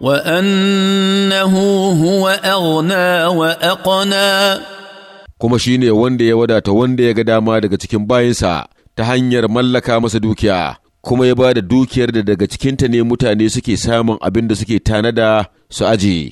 وأنه هو أغنى وأقنى kuma shi ne wanda ya wadata wanda ya ga dama daga cikin bayansa ta hanyar mallaka masa dukiya kuma ya ba da dukiyar da daga cikinta ne mutane suke samun abin da suke tanada su ajiye.